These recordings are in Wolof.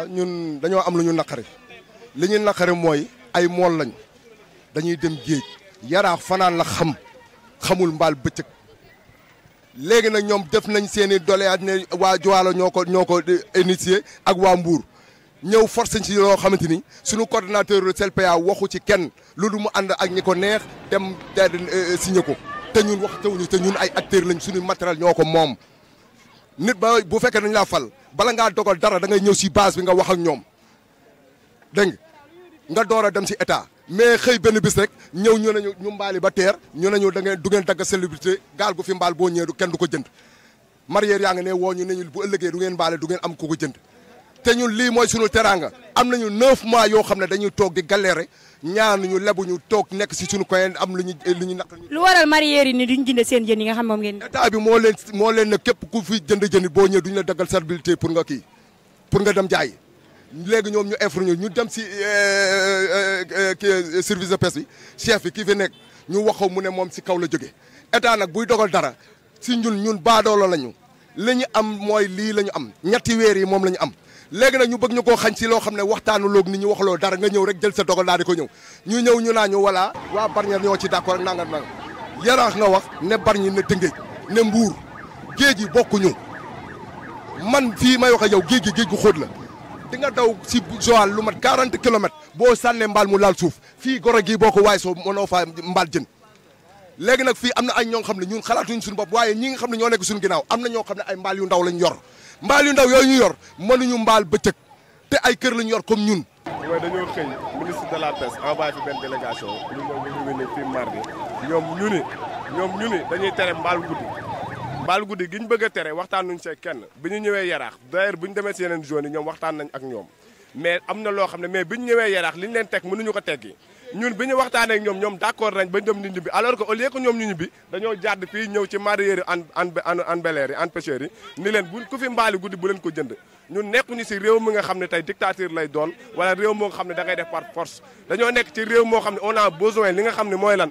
ah ñun dañoo am lu ñu naqari li ñu naqari mooy ay mool lañ dañuy dem géej yaraax fanaan la xam xamul mbaal bëccëg léegi nag ñoom def nañ seen i doléyaat ne waa Jowaalo ñoo ko ñoo ko initié ak waa Mbuur ñëw force ci loo xamante ni suñu coordonnateur CLPA waxu ci kenn lu loolu mu ànd ak ñi ko neex dem daal euh, euh, signé ko te ñun wax tawuñu te ñun ay acteurs lañ suñu matériel ñoo ko moom nit ba bu fekkee dañ laa fal bala ngaa dogal dara dangay ñëw si base bi nga wax ak ñoom dégg nga door a dem si état mais xëy benn bis rek ñëw ñu nañu ñu mbaali ba teer ñu nañu da ngeen du ngeen dagg célébrité gaal gu fi mbaal boo ñëwee kenn du ko jënd marière yaa ngi ne woo ñu ne ñu bu ëllëgee du ngeen mbaale du am ku ko jënd te ñun lii mooy sunu teraanga am nañu neuf mois yoo xam ne dañuy toog di galéré ñaanuñu lebuñu toog nekk si suñu koyen am lu ñu lu ñu naq lu waral mareyeur yi ni duñ jënd seen jën yi nga xam moom ngeen état bi moo leen moo leen ne képp ku fi jënd jën boo ñëwee ñu la daggal stabilité pour nga kii pour nga dem jaay léegi ñoom ñu effre ñu ñu dem si euh, euh, euh, kii service de pêche bi chef bi kii fi nekk ñu waxaw mu ne moom si kaw la jóge état nag buy dogal dara si ñun ñun baadoolo lañu li ñu am mooy lii la ñu am ñetti weer yi moom la ñu am léegi nag ñu bëgg ñu koo xañ si loo xam ne waxtaanu loog nit ñu waxloo dara nga ñëw rek jël sa dogal daal di ko ñëw ñu ñëw ñu naa ñu voilà waa Bargny ñoo ci d'accord ak nangam nangam yaraax nga wax ne Bargny ne Tëngéej ne Mbuur géej yi bokkuñu man fii may wax ak yow géej gi géej gu xóot la di nga daw si Joal lu mat 40 kilomet boo sànnee mbaal mu laal suuf fii goro gi boo ku waay soo mënoo faa mbaal jën léegi nag fii am na ay ñoo xam ne ñun xalaatuñ suñu bopp waaye ñi nga xam ne ñoo nekk suñu ginnaaw am na ñoo xam ne ay mbaal yu ndaw lañ yor mbaal yu ndaw yooyu ñu yor mënuñu mbaal bëccëg te ay kër la ñu yor comme ñun. mooy dañoo xëy ministre de la pêche envoyé fi benn délégation ñu ñëw ñu fii mardi ñoom ñu ni ñoom ñu ni dañuy tere mbaal guddi mbaal guddi gi ñu bëgg a tere waxtaan nuñ see kenn bi ñu ñëwee yaraax d'ailleurs bu ñu demee si yeneen zone yi ñoom waxtaan nañ ak ñoom mais am na loo xam ne mais bi ñu ñëwee yaraax li ñu leen teg mënuñu ko teggi ñun bi ñu waxtaanee ak ñoom ñoom d' accord nañ ba dem di bi alors que au lieu que ñoom ñu bi dañoo jàdd fii ñëw ci mareyeurs yi an an an beleer yi an pêcheurs yi ni leen bu ku fi mbaali guddi bu leen ko jënd ñun nekkuñu si réew mi nga xam ne tey dictature lay doon wala réew moo nga xam ne da ngay def par force dañoo nekk ci réew moo xam ne on a besoin li nga xam ne mooy lan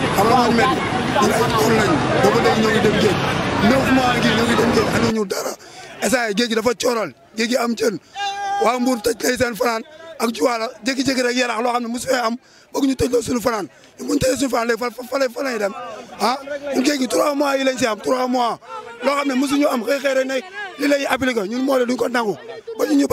xam nga man mel ñun ay xool lañ boobu day ñoo ngi dem géej neuf mois ngi ñoo ngi dara essayé géej gi dafa cooral géej gi am cën waa Mbour tëj lay seen fanaan ak juwaala jékki-jékki rek yaraax loo xam ne loo suñu fanaan ñu buñ tëjee suñu fanaan léegi fa fa fa lay dem ah ñun géej gi trois mois yi lañ am trois mois loo xam ne mosuñu am xëy li lay ñun moo le duñ ko nangu ba ñu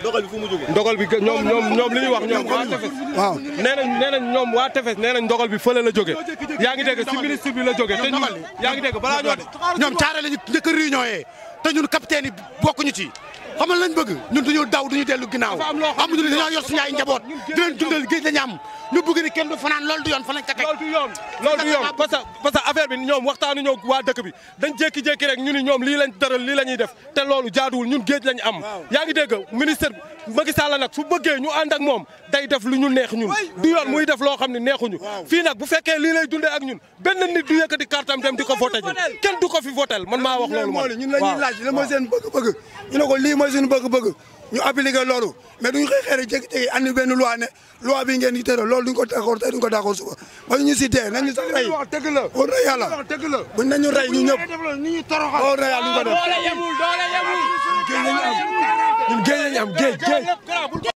ndogal bi fu mu jógee ñoom ñoom li ñuy wax ñoom waa tefes waaw nee nañ nee nañ ñoom waa tefes nee nañ dogal bi fële la jógee yaa ngi dégg si ministre bi la jógee te ñun yaa ngi dégg balaa ñoo ñoom caare la ñu njëkk réunion yee te ñun capitaine yi bokkuñu ci xam nañ lañ bëgg ñun duñu daw duñu dellu ginnaaw am ñu dañoo yor suñu ay njaboot di leen dundal géej lañu am ñu bëgg ni kenn du fanaan loolu du yoon fa lañ ka teg du yoon loolu du bi ñoom waxtaanu ñoo waa dëkk bi dañ jékki-jékki rek ñu ñoom lii lañ tëral lii la def te loolu jaaduwul ñun géej lañ am yaa ngi dégg ministre Macky nag su bëggee ñu ànd moom day def lu ñu neex ñun du yoon muy def loo xam ne neexuñu fii nag bu fekkee lii lay dundee ak ñun benn nit du yëkkati kartam mooy suñu bëgg-bëgg ñu appliqué loolu mais duñu xëy xëy rek jékki-jékki andi benn loi ne ngeen di tëral loolu duñ ko d'accord tey duñ ko d'accord suba ba ñu si tee nañu sax rey wóor na yàlla buñ nañu rey ñu ñëpp wóor na yàlla duñ ko def ñun géej lañu am ñun géej lañu am géej géej